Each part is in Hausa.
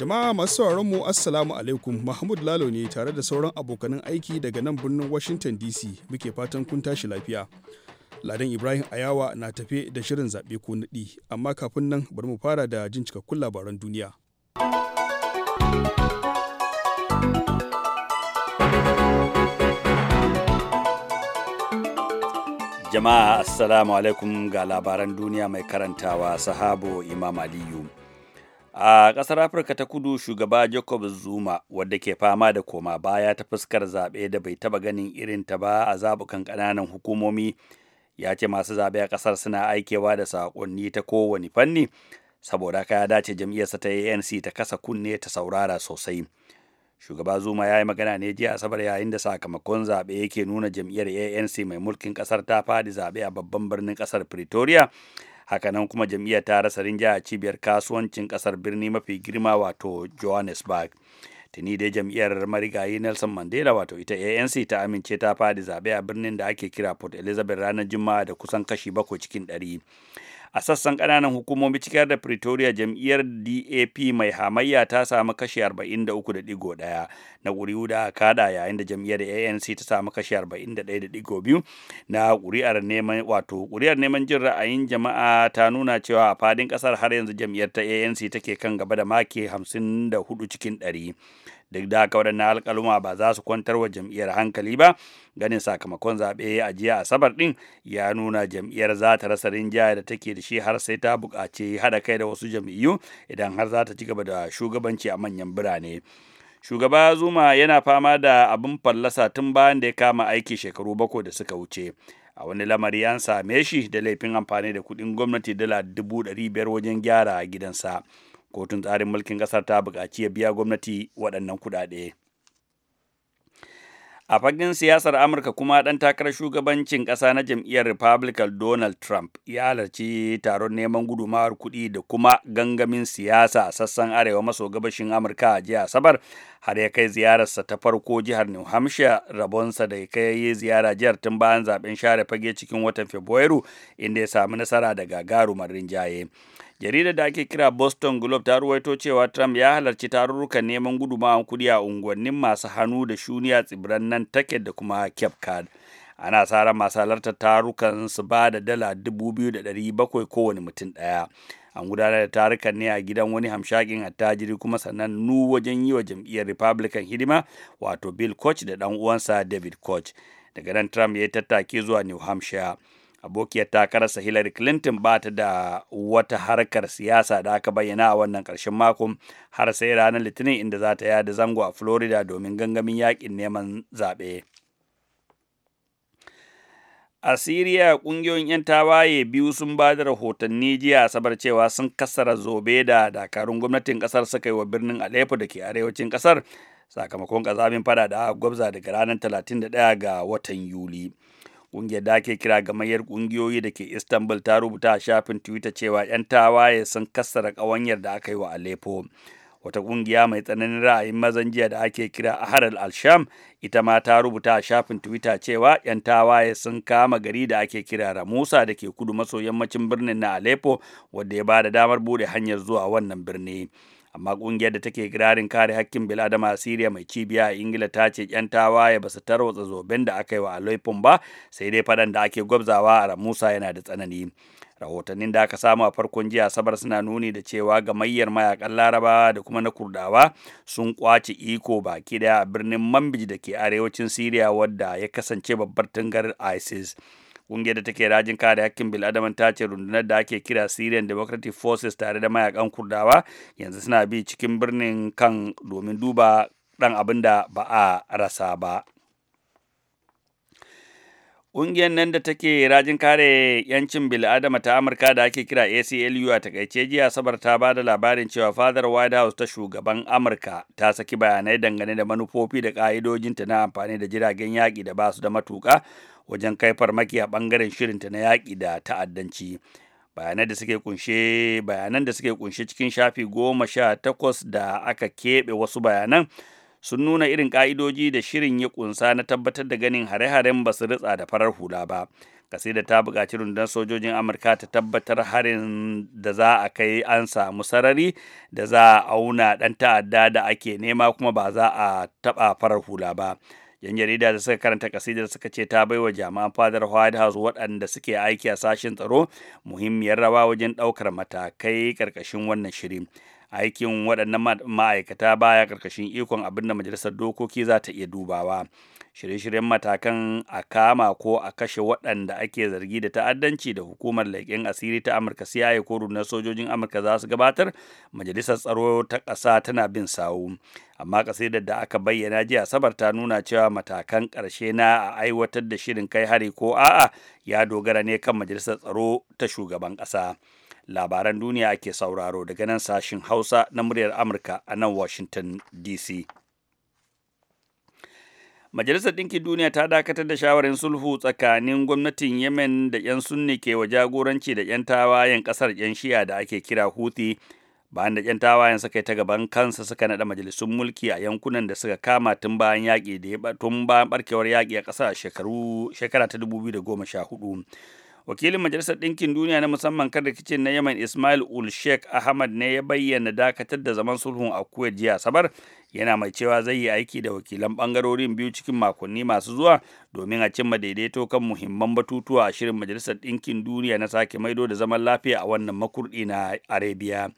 Jama'a masu sauraron mu Assalamu alaikum Mahmud Lalo ne tare da sauran abokanan aiki daga nan birnin Washington DC muke fatan kun tashi lafiya. Ladan Ibrahim Ayawa na tafe da shirin zaɓe ko naɗi amma kafin nan bari mu fara da jin cikakkun labaran duniya. Jama'a Assalamu alaikum ga labaran duniya mai karantawa sahabo Imam Aliyu. a ƙasar afirka ta kudu shugaba jacob zuma wadda ke fama da koma baya ta fuskar zaɓe da bai taɓa ganin irin ta ba a zabukan ƙananan hukumomi ya ce masu zaɓe a ƙasar suna aikewa da saƙonni ta kowane fanni saboda ka ya dace jam'iyyarsa ta anc ta kasa kunne ta saurara sosai shugaba zuma ya yi magana ne jiya asabar yayin da sakamakon zaɓe yake nuna jam'iyyar anc mai mulkin ƙasar ta faɗi zaɓe a babban birnin ƙasar pretoria hakanan kuma jam'iyyar ta rasa rinja a cibiyar kasuwancin kasar birni mafi girma wato johannesburg tuni dai jam'iyyar marigayi nelson mandela wato ita anc ta amince ta fadi zabe a birnin da ake kira port elizabeth ranar juma'a da kusan kashi bakwai cikin ɗari a sassan ƙananan hukumomi cikar da pretoria jam'iyyar dap mai hamayya ta samu kashi 43.1 na ƙuri'u da kada yayin da jam'iyyar anc ta samu kashi 41.2 na ƙuri'ar neman wato ƙuri'ar neman jin ra'ayin jama'a ta nuna cewa a fadin ƙasar har yanzu jam'iyyar ta anc take kan gaba da maki 54 cikin 100 duk da haka waɗannan alƙaluma ba za su kwantar wa jam'iyyar hankali ba ganin sakamakon zaɓe a jiya asabar ɗin ya nuna jam'iyyar za ta rasa rinjaya da take da shi har sai ta buƙaci haɗa kai da wasu jam'iyyu idan har za ta ci gaba da shugabanci a manyan birane shugaba zuma yana fama da abin fallasa tun bayan da ya kama aiki shekaru bakwai da suka wuce a wani lamari an same shi da laifin amfani da kuɗin gwamnati dala dubu ɗari biyar wajen gyara gidansa. kotun tsarin mulkin ƙasar ta buƙaci ya biya gwamnati waɗannan kuɗaɗe. A fagen siyasar Amurka kuma ɗan takarar shugabancin ƙasa na jam'iyyar Republican Donald Trump ya halarci taron neman gudumawar kuɗi da kuma gangamin siyasa a sassan arewa maso gabashin Amurka a jiya Asabar har ya kai ziyararsa ta farko jihar New Hampshire rabonsa da kai yi ziyara jihar tun bayan zaben share fage cikin watan Fabrairu inda ya sami nasara da gagarumar rinjaye. jaridar da ake kira boston globe ta ruwaito cewa trump ya halarci tarurrukan neman gudumawan kudi a unguwannin masu hannu da shuniya a tsibiran nan take da kuma cape cod ana sa ran masu halartar tarukan su ba da dala 2,700 da ɗari kowane mutum ɗaya an gudanar da tarukan ne a gidan wani hamshakin attajiri kuma sanannu wajen yi wa jam'iyyar republican hidima wato bill koch da dan uwansa david koch daga nan trump ya yi tattaki zuwa new hampshire abokiyar takararsa hillary clinton ba ta da wata harkar siyasa da aka bayyana a wannan ƙarshen mako har sai ranar litinin inda za ta yada zango a florida domin gangamin yakin neman zaɓe a siriya ƙungiyoyin 'yan tawaye biyu sun ba da rahotanni jiya sabar cewa sun kassara zobe da dakarun gwamnatin ƙasar suka yi wa birnin aleppo da ke arewacin ƙasar sakamakon ƙazamin fada da gwabza daga ranar 31 ga watan yuli Ƙungiyar da ake kira gamayyar ƙungiyoyi da ke Istanbul ta rubuta a shafin Twitter cewa 'yan tawaye sun kassara ƙawanyar da aka yi wa Aleppo. wata ƙungiya mai tsananin ra'ayin mazan jiya da ake kira Haral al-Sham ita ma ta rubuta a shafin Twitter cewa 'yan tawaye sun kama gari da ake kira Ramusa da ke kudu maso yammacin birnin na Aleppo wadda ya ba da damar bude hanyar zuwa wannan birni. amma kungiyar da take kirarin kare hakkin biladama a Siriya mai cibiya a Ingila ta ce yan tawaye ba su tarwatsa zoben da aka yi wa Aleppo ba sai dai fadan da ake gwabzawa a Ramusa yana da tsanani rahotannin da aka samu a farkon jiya asabar suna nuni da cewa gamayyar mayakan larabawa da kuma na kurdawa sun kwace iko baki daya a birnin manbij da ke arewacin siriya wadda ya kasance babbar tangar isis Ƙungiyar da take rajin kare hakkin bil'adaman ta ce rundunar da ake kira Syrian Democratic Forces tare da mayakan Kurdawa yanzu suna bi cikin birnin kan domin duba ɗan abin da ba a rasa ba. Ƙungiyar nan da take rajin kare 'yancin bil'adama ta Amurka da ake kira ACLU a takaice jiya sabar ta ba da labarin cewa fadar White House ta shugaban Amurka ta saki bayanai dangane da manufofi da ƙa'idojinta na amfani da jiragen yaƙi da basu da matuƙa wajen kai farmaki a ɓangaren shirinta na yaƙi da ta'addanci. bayanan da suke kunshe bayanan da suke cikin shafi goma sha takwas da aka keɓe wasu bayanan sun nuna irin ƙa'idoji da shirin ya kunsa na tabbatar da ganin hare-haren ba su ritsa da farar hula ba kasida ta buƙaci rundunar sojojin amurka ta tabbatar harin da za a kai an samu sarari da za a auna ɗan ta'adda da ake nema kuma ba za a taɓa farar hula ba yan jarida da suka karanta kasidar suka ce ta bai wa jami'an fadar white house waɗanda suke aiki a sashen tsaro muhimmiyar rawa wajen ɗaukar matakai ƙarƙashin wannan shirin aikin waɗannan ma'aikata baya ƙarƙashin ikon abin da majalisar dokoki za ta iya dubawa shirye-shiryen matakan a kama ko a kashe waɗanda ake zargi da ta'addanci da hukumar leƙen asiri ta amurka cia ko rundunar sojojin amurka za su gabatar majalisar tsaro ta ƙasa tana bin sawu amma ƙasidar da aka bayyana jiya sabar ta nuna cewa matakan ƙarshe na a aiwatar da shirin kai hari ko a'a ya dogara ne kan majalisar tsaro ta shugaban ƙasa. labaran duniya ke sauraro daga nan sashin hausa na muryar amurka a nan washington dc majalisar ɗinkin duniya ta dakatar da shawarin sulhu tsakanin gwamnatin yemen da 'yan sunni ke wa jagoranci da 'yan tawayen ƙasar 'yan shiya da ake kira huthi bayan da 'yan tawayen suka yi ta gaban kansa suka naɗa majalisun mulki a yankunan da suka kama tun bayan yaƙi da tun bayan barkewar yaƙi a ƙasar shekaru shekara ta 2014 wakilin majalisar ɗinkin duniya na musamman kan rikicin na yaman ismail ul sheikh ahmad ne ya bayyana dakatar da zaman sulhun a kuwait jiya sabar yana mai cewa zai yi aiki da wakilan bangarorin biyu cikin makonni masu zuwa domin a cimma daidaito kan muhimman batutuwa a shirin majalisar ɗinkin duniya na sake maido da zaman lafiya a wannan makurɗi na arabia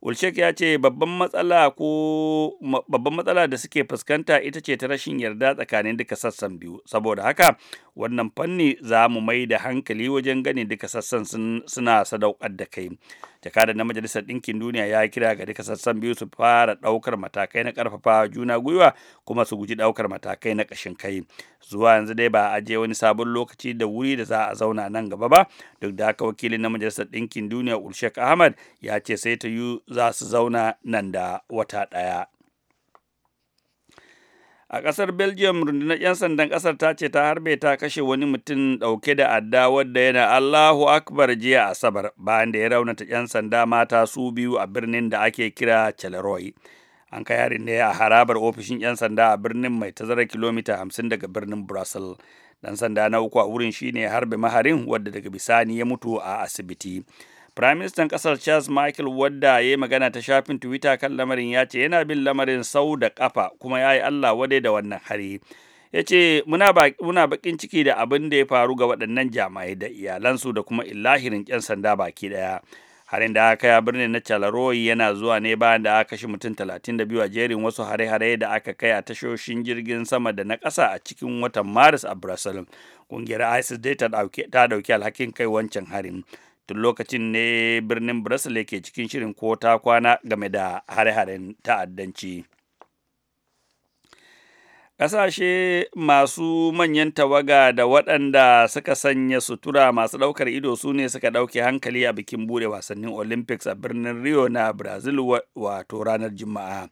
Ulshek ya ce babban matsala ko babban matsala da suke fuskanta ita ce ta rashin yarda tsakanin duka sassan biyu saboda haka wannan fanni za mu mai da hankali wajen ganin duka sassan suna sadaukar da kai jakadar na majalisar ɗinkin duniya ya kira ga duka sassan biyu su fara ɗaukar matakai na ƙarfafa juna gwiwa kuma su guji ɗaukar matakai na ƙashin kai zuwa yanzu dai ba a je wani sabon lokaci da wuri da za a zauna nan gaba ba duk da haka wakilin na majalisar ɗinkin duniya ulshek ahmad ya ce sai ta yi za su zauna nan da wata ɗaya. A ƙasar Belgium rundunar 'yan sandan ƙasar ta ce ta harbe ta kashe wani mutum ɗauke da adda wadda yana Allahu Akbar jiya Asabar bayan da ya raunata 'yan sanda mata su biyu a birnin da ake kira Chaleroy. An kai harin ne a harabar ofishin 'yan sanda a birnin mai tazarar kilomita 50 daga birnin Brussels. Dan sanda na uku a wurin shine harbe maharin wadda daga bisani ya mutu a asibiti. Firaministan ƙasar Charles Michael wadda ya yi magana ta shafin Twitter kan lamarin ya ce yana bin lamarin sau da ƙafa kuma ya yi Allah wade da wannan hari. Ya ce muna bakin ciki da abin da ya faru ga waɗannan jami'ai da iyalansu da kuma illahirin 'yan sanda baki ɗaya. Harin da aka ya birnin na Chalaroi yana zuwa ne bayan da aka kashe mutum talatin da biyu a jerin wasu hare-hare da aka kai a tashoshin jirgin sama da na ƙasa a cikin watan Maris a Brussels. Ƙungiyar ISIS dai ta ɗauki alhakin kai wancan harin. tun lokacin ne birnin brussels ke cikin shirin ko ta kwana game da hare-haren ta'addanci ƙasashe masu manyan tawaga da waɗanda suka sanya sutura masu ɗaukar ido su ne suka ɗauke hankali a bikin bude wasannin olympics a birnin rio na brazil wato ranar juma'a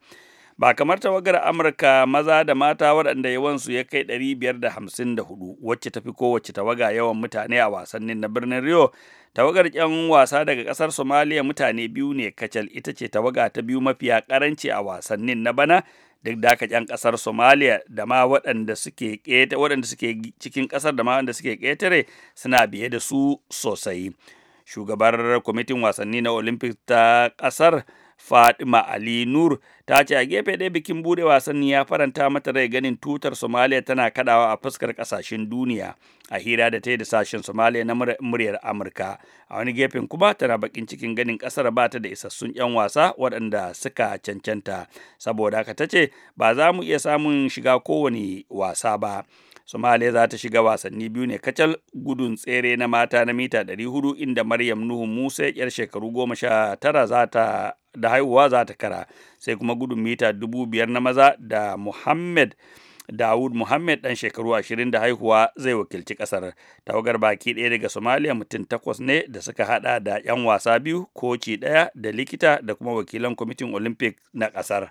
ba kamar tawagar amurka maza da mata waɗanda yawansu ya kai 554 wacce tafi kowace tawaga yawan mutane a wasannin na birnin rio tawagar 'yan wasa daga ƙasar somaliya mutane biyu ne kacal ita ce tawaga ta biyu mafiya karanci a wasannin na bana duk da haka 'yan ƙasar somaliya da ma waɗanda suke waɗanda suke cikin ƙasar da ma waɗanda suke ƙetare suna biye da su sosai shugabar kwamitin wasanni na olympic ta ƙasar Fatima Ali Nur ta ce a gefe ɗaya bikin buɗe wasan ya faranta mata rai ganin tutar Somalia tana kadawa a fuskar kasashen duniya a hira da ta yi da sashen Somalia na muryar Amurka. A wani gefen kuma tana bakin cikin ganin ƙasar ba ta da isassun 'yan wasa waɗanda suka cancanta. Saboda haka ta ce ba za mu iya samun shiga kowane wasa ba. Somalia za ta shiga wasanni biyu ne kacal gudun tsere na mata na mita 400 inda Maryam Nuhu Musa yar shekaru goma sha tara za ta da haihuwa za ta kara sai kuma gudun mita dubu biyar na maza da Muhammad Dawud Muhammad dan shekaru ashirin da haihuwa zai wakilci kasar. Tawagar baki ɗaya daga Somalia mutum takwas ne da suka hada da 'yan wasa biyu, koci ɗaya da likita da kuma wakilan kwamitin Olympic na kasar.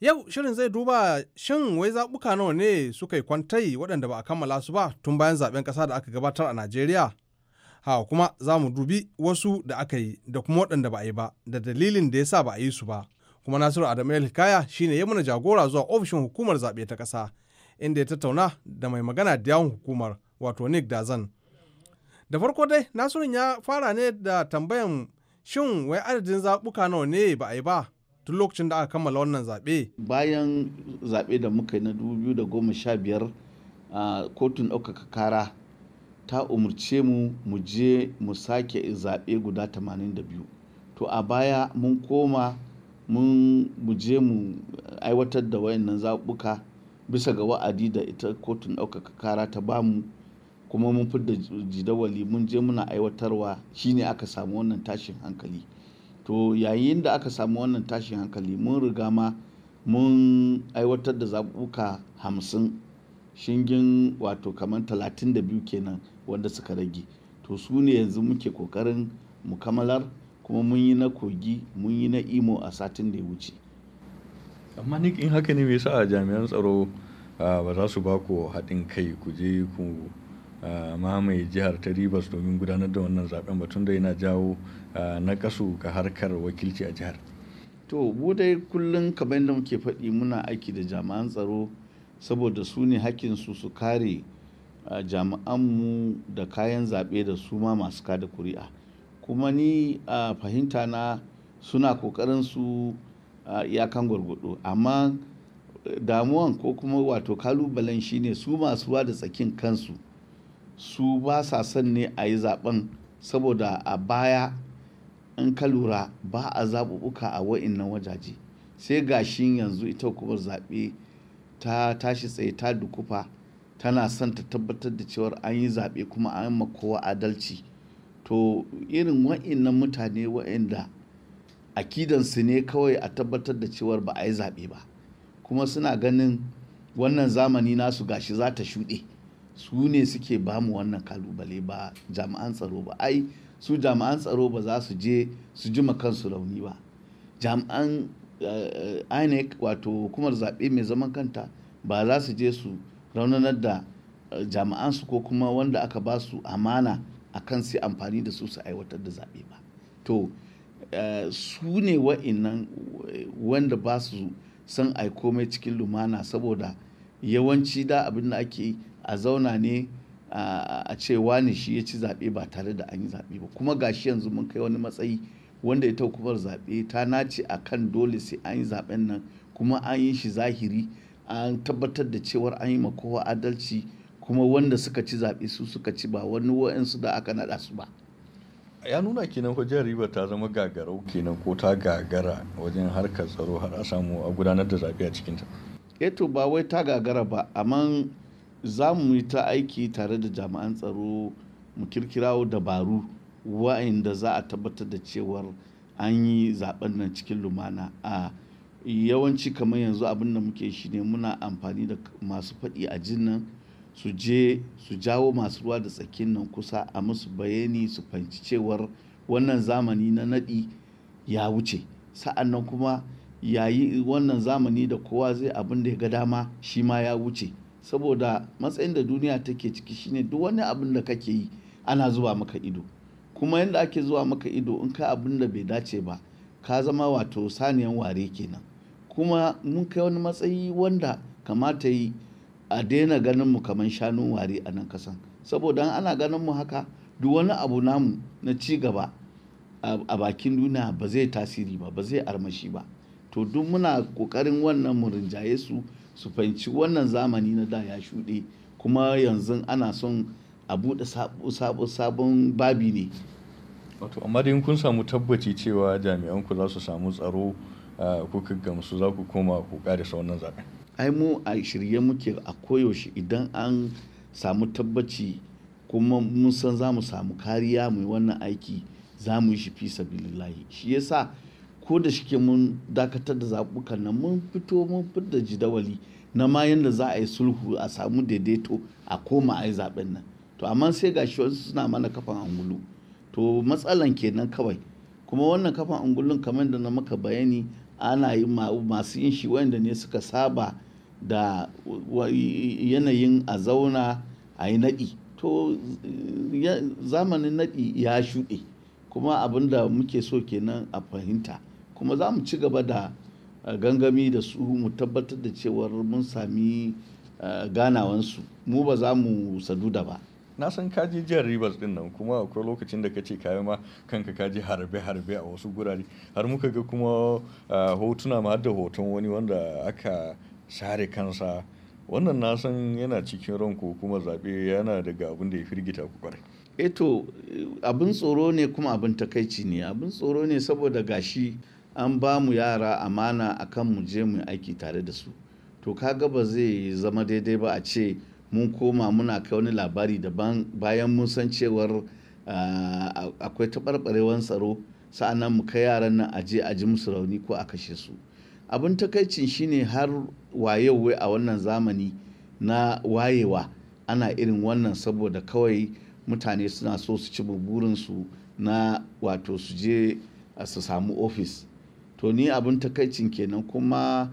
Yau shirin zai duba shin wai zaɓuka nawa ne suka yi kwantai waɗanda ba a kammala su ba tun bayan zaɓen ƙasa da aka gabatar a Najeriya. Ha kuma za mu dubi wasu da aka yi da kuma waɗanda ba a yi ba da dalilin da ya sa ba a yi su ba. Kuma Nasiru Adamu Hikaya shine ya mana jagora zuwa ofishin hukumar zaɓe ta ƙasa inda ya tattauna da mai magana da yawon hukumar wato Nick Dazan. Da farko dai Nasiru ya fara ne da tambayan shin wai adadin zaɓuka nawa ne ba a yi ba tun lokacin da aka kammala wannan zaɓe. Bayan zaɓe da muka yi na 2015 kotun ɗaukaka kara ta umarce mu mu je mu sake zaɓe guda 82. To a baya mun koma mun mu je mu aiwatar da wayannan zaɓuka bisa ga wa'adi da ita kotun ɗaukaka kara ta bamu kuma mun da jidawali mun je muna aiwatarwa shine aka samu wannan tashin hankali. to yayin da aka samu wannan tashin hankali mun riga ma mun aiwatar da zaɓuɓɓuka hamsin shingin wato kamar talatin da biyu kenan wanda suka rage to su ne yanzu muke ƙoƙarin mukamalar kuma mun yi na kogi mun yi na imo a satin da ya wuce amma ni in haka ne me yasa jami'an tsaro ah, ba za su ba ku haɗin kai ku je ku mamaye jihar ta ribas domin gudanar da wannan zaben batun da yana jawo na kasu ga harkar wakilci a jihar to dai kullum kamar da muke faɗi muna aiki da jama'an tsaro saboda su ne su su kare jami'anmu da kayan zaɓe da su ma masu kada kuri'a kuma ni a fahimta na suna kokarin su iyakan gwargwado amma damuwan ko kuma wato kalubalen shine su masu wada da tsakin kansu su ba sa son ne a yi zaben saboda a baya in ka lura ba a zaɓuɓɓuka a wa'innan wajaje sai gashin yanzu ita kuma zaɓe ta tashi tsaye ta dukufa tana son ta tabbatar da cewar an yi zaɓe kuma an kowa adalci to irin wa'innan mutane wa'inda akidansu ne kawai a tabbatar da cewar ba a yi zaɓe ba kuma suna ganin wannan zamani nasu gashi za ta shuɗe su ne suke bamu wannan kalubale ba jami'an tsaro ba ai su jami'an tsaro ba za su je su jima kansu rauni ba jami'an eh, eh, inec wato hukumar zaɓe mai zaman kanta ba za su je su raunanar da eh, jami'ansu ko kuma wanda aka ba su amana a kan sai amfani da su su aiwatar da zaɓe ba to su ne wa'innan wanda ba su san ai komai cikin lumana saboda yawanci da abin da ake yi a zauna ne a ce wani shi ya ci zaɓe ba tare da an yi zaɓe ba kuma gashi yanzu mun kai wani matsayi wanda ita hukumar zaɓe ta nace a kan dole sai an yi zaɓen nan kuma an yi shi zahiri an tabbatar da cewar an yi ma kowa adalci kuma wanda suka ci zaɓe su suka ci ba wani wa'insu da aka naɗa su ba ya nuna kenan jihar riba ta zama gagarau kenan ko ta gagara wajen harkar tsaro har a samu a gudanar da zaɓe a cikinta eto eh ba wai ta gagara ba amma za mu yi ta aiki tare da jami'an tsaro mu kirkirawo dabaru wa'inda za a tabbatar da cewar an yi zaben nan cikin lumana a yawanci kamar yanzu abin da muke shi ne muna amfani da masu faɗi a jin nan su je su jawo masu ruwa da tsakin nan kusa a musu bayani su fahimci cewar wannan zamani na naɗi ya wuce sa'an nan kuma yayi wannan zamani da kowa zai abin da ya ga dama shi ma ya wuce saboda matsayin da duniya take ciki shine duk wani abin da kake yi ana zuwa maka ido kuma yadda ake zuwa maka ido in ka abin da bai dace ba ka zama wato saniyan ware kenan kuma mun kai wani matsayi wanda kamata yi a daina ganin mu kamar shanun ware a nan kasan saboda ana ganin mu haka duk wani abu namu na ci gaba a bakin duniya ba zai tasiri ba ba zai armashi ba to duk muna kokarin wannan mu rinjaye su su fahimci wannan zamani na da ya shuɗe kuma yanzu ana son a buɗe sabon babi ne wato amma dai kun samu tabbaci cewa jami'an ku za su samu tsaro kuka gamsu za ku koma ku da wannan zaɓen ai mu a shirye muke a koyaushe idan an samu tabbaci kuma mun san za mu samu kariya mai wannan aiki za mu yi shi fi sabilillahi shi yasa ko da shike mun dakatar da zaɓukan nan mun fito mun fidda jidawali na ma yadda za a yi sulhu a samu daidaito a koma a yi zaɓen nan to amma sai ga shi wasu suna mana kafan angulu to matsalan kenan kawai kuma wannan kafan angulun kamar da na maka bayani ana yi masu yin shi wanda ne suka saba da yanayin a zauna a yi naɗi to zamanin naɗi ya shuɗe kuma abin da muke so kenan a fahimta kuma za mu ci gaba da eh, gangami da su mu tabbatar da cewar mun sami eh, ganawansu mu ba za mu sadu da ba na san kaji jihar rivers din nan kuma akwai lokacin da ka ce kayan ma kanka kaji harbe-harbe a wasu gurare har muka ga kuma eh, hotuna ma da hoton wani wanda aka share kansa wannan na san yana cikin ranku kuma zaɓe yana daga abin da ya firgita ku kwarai eto abin tsoro ne kuma abin takaici ne abin tsoro ne saboda gashi an ba mu yara amana akan mu je mu aiki tare da su to kaga ba zai zama daidai ba a ce mun koma muna kai wani labari daban bayan mun san cewar ah, akwai taɓarɓarewar tsaro sa'annan mu kai yaran nan aje a ji musu rauni ko a kashe su abin takaicin shine har wai a wannan zamani na wayewa ana irin wannan saboda kawai mutane suna so su ci burinsu na wato su je ah, su samu ofis to ni abin takaicin kenan kuma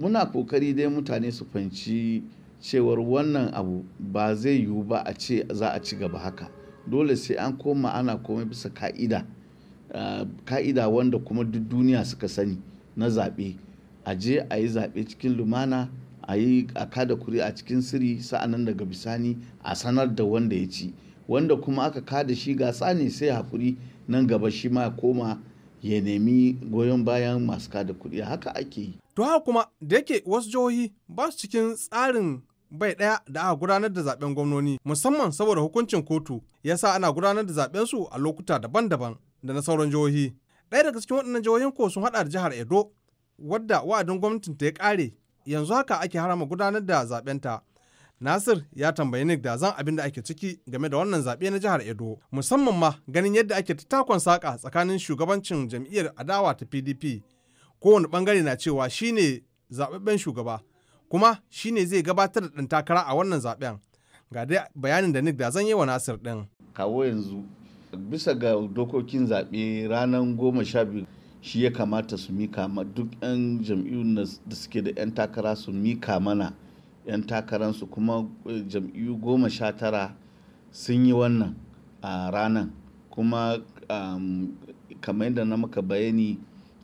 muna kokari dai mutane su fahimci cewar wannan abu ba zai yiwu ba a ce za a ci gaba haka dole sai an koma ana komai bisa ka'ida ka'ida wanda kuma duk duniya suka sani na zaɓe a je a yi zaɓe cikin lumana a yi a kada kuri a cikin sirri sa'anan daga bisani a sanar da wanda ya ci wanda kuma aka kada shi gasa ne sai hakuri nan gaba shi ma koma ya nemi goyon bayan masu kada kuɗi haka ake yi. To haka kuma da yake wasu jihohi ba su cikin tsarin bai ɗaya da aka gudanar da zaben gwamnoni musamman saboda hukuncin kotu ya sa ana gudanar da zaben su a lokuta daban-daban da na sauran jihohi. Ɗaya daga cikin waɗannan jihohin ko sun haɗa da jihar Edo wadda wa'adin gwamnatin ta ya ƙare yanzu haka ake harama gudanar da zaben ta Nasir ya tambayi Nick da zan abin da ake ciki game da wannan zaɓe na jihar Edo, musamman ma ganin yadda ake ta takon saƙa tsakanin shugabancin jam'iyyar adawa ta PDP. Kowane ɓangare na cewa shine zaɓaɓɓen shugaba, kuma shine zai gabatar da ɗan takara a wannan zaɓen. Ga dai bayanin da Nick da zan yi wa Nasir ɗin. Kawo yanzu bisa ga dokokin zaɓe ranar goma sha biyu shi ya kamata su mika ma duk 'yan jam'iyyun da suke da 'yan takara su mika mana 'yan takararsu kuma eh, jam'iyyu goma sha tara sun yi wannan a ranar kuma kamar yadda na maka bayani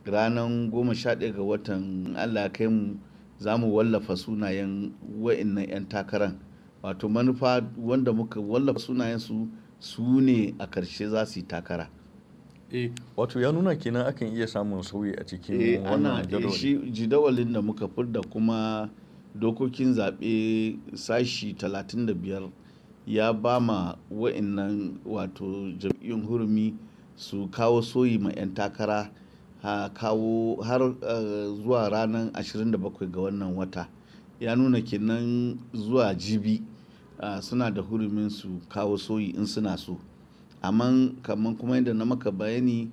ranar goma sha ɗaya ga watan allah kai mu za mu wallafa sunayen wa'innan 'yan takaran wato manufa wanda muka wallafa sunayen su su ne a karshe za su yi takara e wato ya nuna kenan akan iya samun sauyi a cikin eh, wannan jadawalin da muka furda kuma dokokin zaɓe sashi 35 ya ba ma wa'annan wato jam'iyyun hurumi su kawo soyi ma 'yan takara kawo har eh, zuwa ranar 27 ga wannan wata ya nuna kenan zuwa jibi ah, suna da hurumin su kawo soyi in suna so amma kamar kuma yadda na maka bayani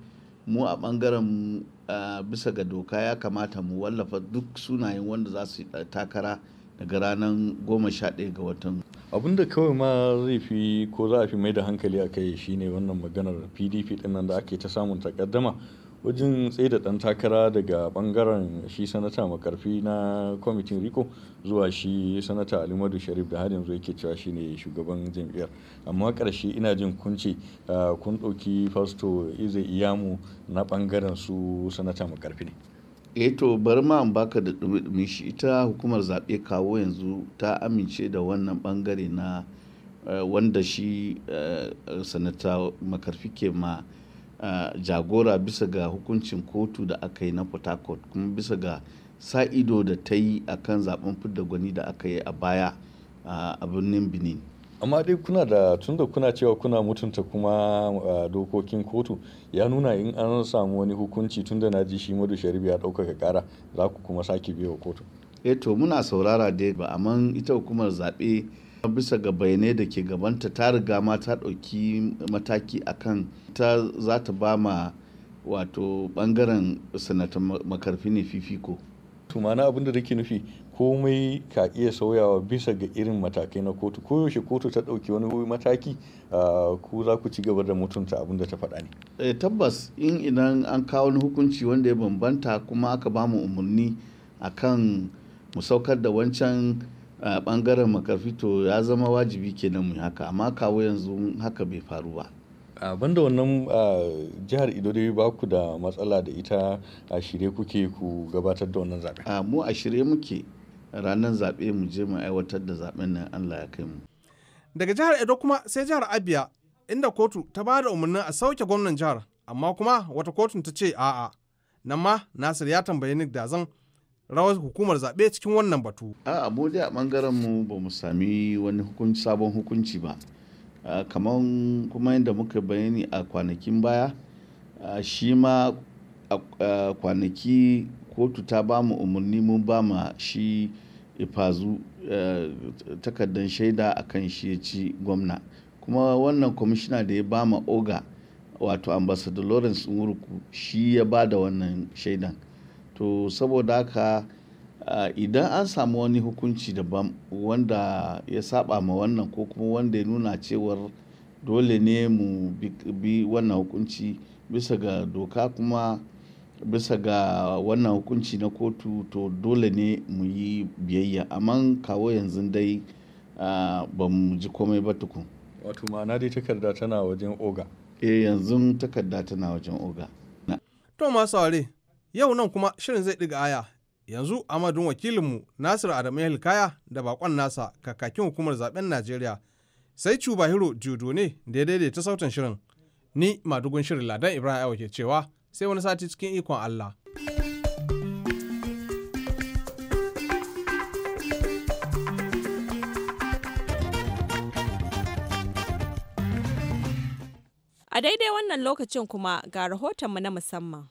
mu a ɓangaren bisa ga doka ya kamata mu wallafa duk sunayen wanda za su eh, takara daga ranar goma sha ɗaya ga watan abin da kawai ma zai fi ko za a fi mai da hankali a kai shine wannan maganar pdp ɗin da ake ta samun takaddama wajen tsaye da ɗan takara daga bangaren shi sanata makarfi na kwamitin riko zuwa shi sanata alimadu sharif da har yanzu yake cewa shi ne shugaban jam'iyyar amma karshe ina jin kunce kun ɗauki fasto izai iyamu na bangaren su sanata makarfi ne eh to bari ma an baka da dumi shi ita hukumar zaɓe kawo yanzu ta amince da wannan bangare na wanda shi sanata makarfi ke ma jagora bisa ga hukuncin kotu da aka yi na port harcourt kuma bisa ga sa'ido da ta yi a kan zaben fidda gwani da aka yi a baya a birnin benin amma dai kuna da tunda kuna cewa kuna mutunta kuma dokokin kotu ya nuna in an samu wani hukunci tunda na ji shi madu sharibi ya ɗaukaka kara za ku kuma sake biyo kotu eto eh muna saurara dai ba amma ita hukumar zaɓe bisa ga bayanai da ke gabanta ta riga ma ta ɗauki mataki akan ta za ta ba ma wato ɓangaren sanatan makarfi ne fifiko tumana abin da take nufi komai ka iya sauyawa bisa ga irin matakai na kotu koyaushe kotu ta ɗauki wani mataki ku za ku ci gaba da mutunta abin da ta faɗa ne eh, tabbas in idan an kawo wani hukunci wanda ya bambanta kuma aka ba mu umarni akan mu saukar da wancan a bangaren makarfito ya zama wajibi kenan mu haka amma kawo yanzu haka bai faru ba abin da wannan jihar ido dai ba ku da matsala da ita a shirye kuke ku gabatar da wannan zaɓe mu a shirye muke ranar zaɓe mu je mu aiwatar da zaɓen nan allah ya kai mu daga jihar edo kuma sai jihar abia inda kotu ta ba da umarnin a sauke gwamnan jihar amma kuma wata kotun ta ce a'a nan ma nasir ya tambayi nick dazan rawar hukumar zaɓe cikin wannan batu. A mu dai a ɓangaren mu ba mu sami wani sabon hukunci ba. Kamar kuma yadda muka bayani a kwanakin baya, shi ma kwanaki kotu ta ba mu umarni mun ba ma shi ifazu takardar shaida a kan shi ya ci gwamna. Kuma wannan kwamishina da ya ba ma oga wato ambassador Lawrence Nwurku shi ya ba da wannan shaidan. to saboda haka idan an samu wani hukunci daban wanda ya saba ma wannan ko kuma wanda ya nuna cewar dole ne mu bi wannan hukunci bisa ga doka kuma bisa ga wannan hukunci na kotu to dole ne mu yi biyayya amma kawo yanzu dai ba mu ji komai ba tukun wato ma'ana dai takarda tana wajen oga eh yanzu takarda tana wajen oga to masu Yau nan kuma shirin zai ɗiga aya yanzu amadun wakilinmu Nasiru Adamu Hilkaya da bakon nasa kakakin hukumar zaben Najeriya sai hiro Jodo ne da ya daidaita sautin shirin. Ni madugun shirin Ladan Ibrahim ke cewa sai wani sati cikin ikon Allah. A daidai wannan lokacin kuma ga rahotonmu na musamman.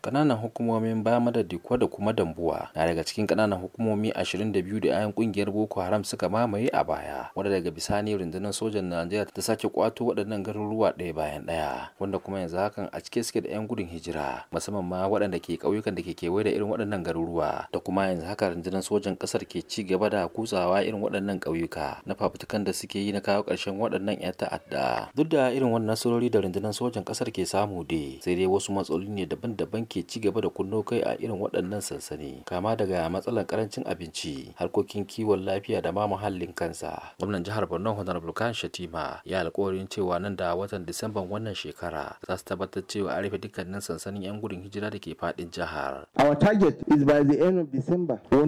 Ƙananan hukumomin ba madadi da kuma Dambuwa na daga cikin kananan hukumomi 22 da 'ya'yan ƙungiyar Boko Haram suka mamaye a baya, wanda daga bisani rundunar sojan Najeriya ta sace kwato waɗannan garuruwa ɗaya bayan ɗaya, wanda kuma yanzu hakan a cike suke da 'yan gudun hijira, musamman ma waɗanda ke ƙauyukan da ke kewaye da irin waɗannan garuruwa, da kuma yanzu haka rundunar sojan ƙasar ke ci gaba da kutsawa irin waɗannan ƙauyuka na fafutukan da suke yi na kawo ƙarshen waɗannan 'yan ta'adda. Duk da irin wannan nasarori da rundunar sojan ƙasar ke samu dai, sai dai wasu matsaloli ne daban-daban ke ci gaba da kunno kai a irin waɗannan sansani kama daga matsalar karancin abinci harkokin kiwon lafiya da ma muhallin kansa gwamnan jihar borno honorable khan shatima ya alkawarin cewa nan da watan disamban wannan shekara za su tabbatar cewa an rufe dukkanin sansanin yan gudun hijira da ke faɗin jihar our target is by the end of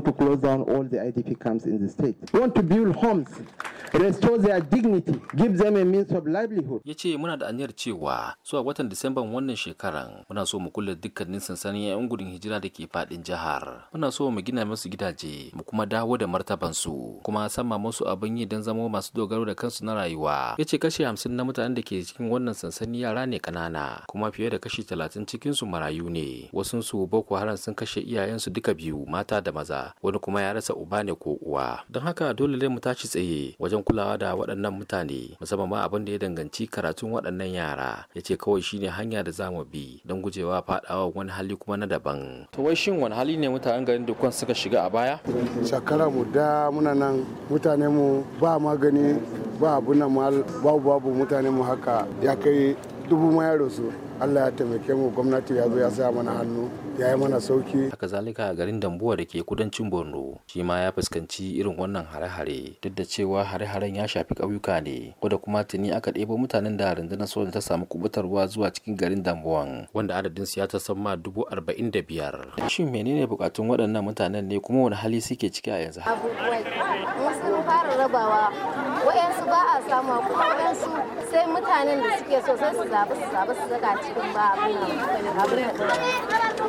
to close down all the idp camps to build homes restore dignity give them a means of livelihood muna da aniyar cewa zuwa watan disamban wannan shekaran muna so mu kulle dukkanin shugabannin sansanin 'yan gudun hijira da ke fadin jihar muna so mu gina musu gidaje mu kuma dawo da martaban su kuma sama musu abin yi don zama masu dogaro da kansu na rayuwa Ya ce kashi hamsin na mutanen da ke cikin wannan sansani yara ne kanana kuma fiye da kashi talatin cikin su marayu ne wasu su boko haram sun kashe iyayensu duka biyu mata da maza wani kuma ya rasa uba ne ko uwa don haka dole ne mu tashi tsaye wajen kulawa da waɗannan mutane musamman ma abin da ya danganci karatun waɗannan yara ya ce kawai shine hanya da za mu bi don gujewa faɗawa wani hali kuma na daban to wai shin wani hali ne mutanen garin dukkan suka shiga a baya shakara mu da muna nan mutane mu ba magani ba abu na mal babu babu mutane mu haka ya kai dubu ma yaro su allah ya taimake mu gwamnati ya zo ya sa mana hannu ya yi mana sauki haka zalika a garin dambuwa da ke kudancin borno shi ma ya fuskanci irin wannan hare-hare duk da cewa hare-haren ya shafi ƙauyuka ne ko da kuma tuni aka ɗebo mutanen da rundunar soja ta samu kubutarwa zuwa cikin garin dambuwan wanda adadin su ya ta samma dubu arba'in da biyar shin menene bukatun waɗannan mutanen ne kuma wani hali suke ciki a yanzu Abubuwa, fara rabawa wa'yansu ba a samu kuma wa'yansu sai mutanen da suke so sai su zaɓi su zaɓi su zaka cikin ba abin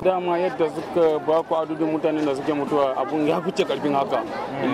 dama yadda suka ba ku adudin mutanen da suke mutuwa abun ya fice karfin haka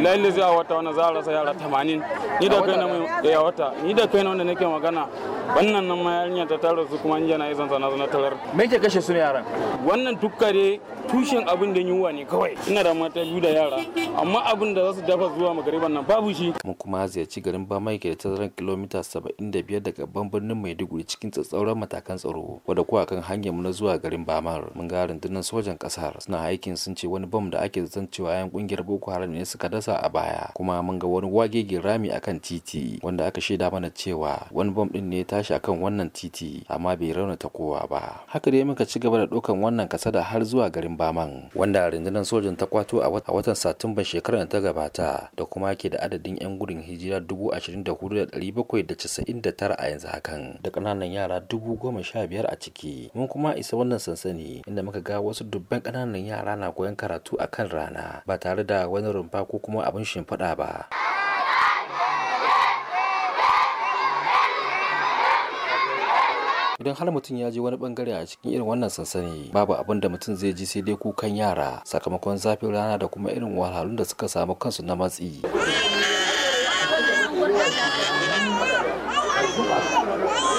lalle zai a wata wani za a rasa yara tamanin ni da kai na mai ya eh, wata ni da kai na wanda nake magana wannan nan ma yarinya ta tara su kuma injina ya sana na zo na tarar me ke kashe su ne yaran wannan tukare tushen abin da yiwuwa ne kawai ina da mata biyu da yara amma abin da za su dafa zuwa magariban nan babu shi mu kuma zai ci garin Bama ke da tazarar kilomita 75 daga babban birnin Maiduguri cikin tsatsauran matakan tsaro wadda kuwa kan hanyar mu na zuwa garin Bamar mun ga rundunar sojan kasar suna aikin sun ce wani bam da ake zaton cewa yan kungiyar Boko Haram ne suka dasa a baya kuma mun ga wani wagege rami akan titi wanda aka shaida mana cewa wani bam din ne ya tashi akan wannan titi amma bai raunata kowa ba haka dai muka ci gaba da ɗaukan wannan kasada har zuwa garin Baman wanda rundunar sojan ta kwato a watan satumba shekarar da ta gabata da kuma ke da adadin yan gudun hijira tara a yanzu hakan da kananan yara biyar a ciki mun kuma isa wannan sansani inda muka ga wasu dubban kananan yara na koyon karatu a kan rana ba tare da wani rumfa ko kuma abin shimfiɗa ba. idan har mutum ya je wani bangare a cikin irin wannan sansani babu abin da mutum zai ji sai dai kukan yara sakamakon zafin rana da kuma irin wahalhalun da suka samu kansu na matsi. Thank you.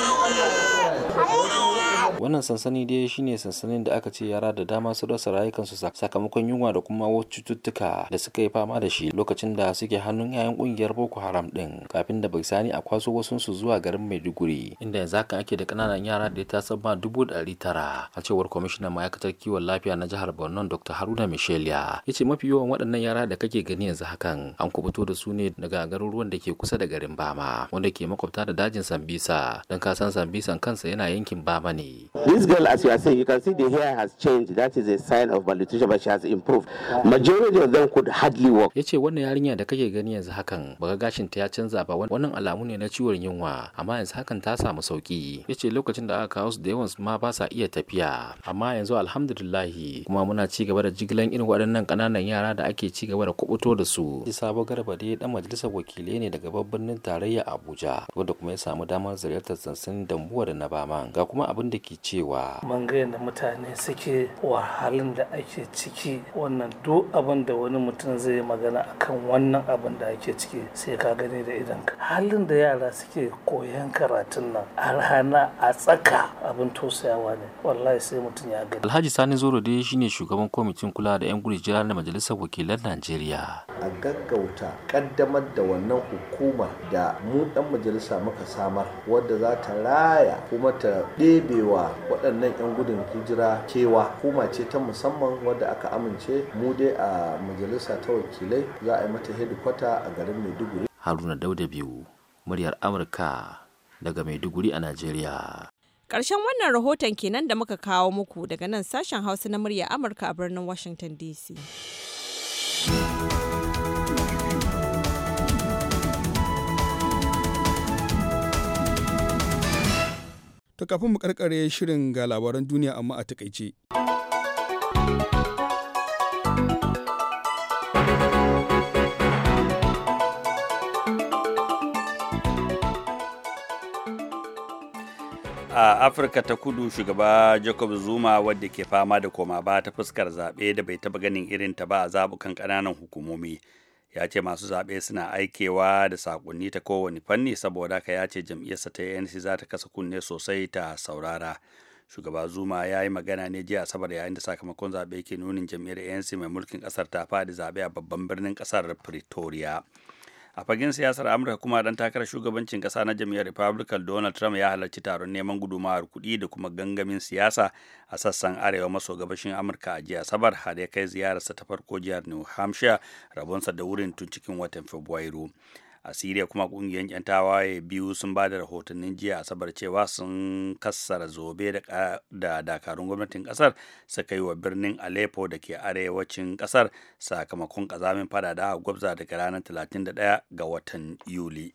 wannan sansani dai shine sansanin da aka ce yara da dama sun rasa rayukansu sakamakon yunwa da kuma wasu cututtuka da suka yi fama da shi lokacin da suke hannun yayan kungiyar boko haram din kafin da bai sani a kwaso wasu su zuwa garin maiduguri inda yanzu haka ake da kananan yara da ya tasa ma dubu ɗari tara a cewar kwamishinan ma'aikatar kiwon lafiya na jihar borno dr haruna michelia ya ce mafi yawan waɗannan yara da kake gani yanzu hakan an kubuto da su ne daga garuruwan da ke kusa da garin bama wanda ke makwabta da dajin sambisa don kasan bisan kansa yana yankin Bama ne. This girl as you are saying you can see the hair has changed that is a sign of malnutrition but she has improved. Majority of them could hardly walk. Yace wannan yarinya da kake gani yanzu hakan baga gashin ta ya canza ba wannan alamu ne na ciwon yunwa amma yanzu hakan ta samu sauki. Yace lokacin da aka kawo su da yawan ma ba sa iya tafiya amma yanzu alhamdulillahi kuma muna ci gaba da jigilan irin waɗannan ƙananan yara da ake ci gaba da kubuto da su. Sabo Garba dai dan majalisar wakilai ne daga babban birnin tarayya Abuja wanda kuma ya samu damar ziyartar sansanin dambuwa da na bama ga kuma abin da ke cewa bangaren da mutane suke wahalin da ake ciki wannan duk abin da wani mutum zai yi magana akan wannan abin da ake ciki sai ka gani da idan halin da yara suke koyan karatun nan a rana a tsaka abin tosayawa ne wallahi sai mutum ya gani alhaji sani zoro dai shine shugaban kwamitin kula da yan gudun jira na majalisar wakilan najeriya a gaggauta kaddamar da wannan hukuma da mu dan majalisa muka samar wadda za ta raya kuma ta ɗebewa waɗannan 'yan gudun hijira kewa kuma ce ta musamman wadda aka amince mu dai a majalisa ta wakilai za a yi mata hedikwata a garin maiduguri haruna dauda biyu muryar amurka daga maiduguri a najeriya Ƙarshen wannan rahoton kenan da muka kawo muku daga nan sashen Hausa na murya Amurka a birnin Washington DC. To kafin mu karkare shirin ga labaran duniya amma a takaice. a afirka ta kudu shugaba jacob zuma wadda ke fama da koma ba ta fuskar zaɓe da bai taɓa ganin irin ta ba a zaɓukan ƙananan hukumomi ya ce masu zaɓe suna aikewa da sakonni ta kowane fanni saboda haka ya ce jam'iyyarsa ta anc za ta kasa kunne sosai ta saurara shugaba zuma ya yi magana ne jiya asabar yayin da sakamakon zaɓe ke nunin jam'iyyar anc mai mulkin ƙasar ta faɗi zaɓe a babban birnin ƙasar pretoria a fagen siyasar amurka kuma dan takarar shugabancin kasa na jam'iyyar republican donald trump ya halarci taron neman gudumawar kuɗi da kuma gangamin siyasa a sassan arewa maso gabashin amurka a jiya sabar har ya kai ziyararsa ta farko jihar new hampshire rabonsa da wurin tun cikin watan fabrairu a siriya kuma kungiyar 'yan tawaye biyu sun ba da rahotannin jiya asabar cewa sun kassara zobe da dakarun gwamnatin kasar suka yi wa birnin aleppo da ke arewacin kasar sakamakon kazamin fada da gwabza daga ranar 31 ga watan yuli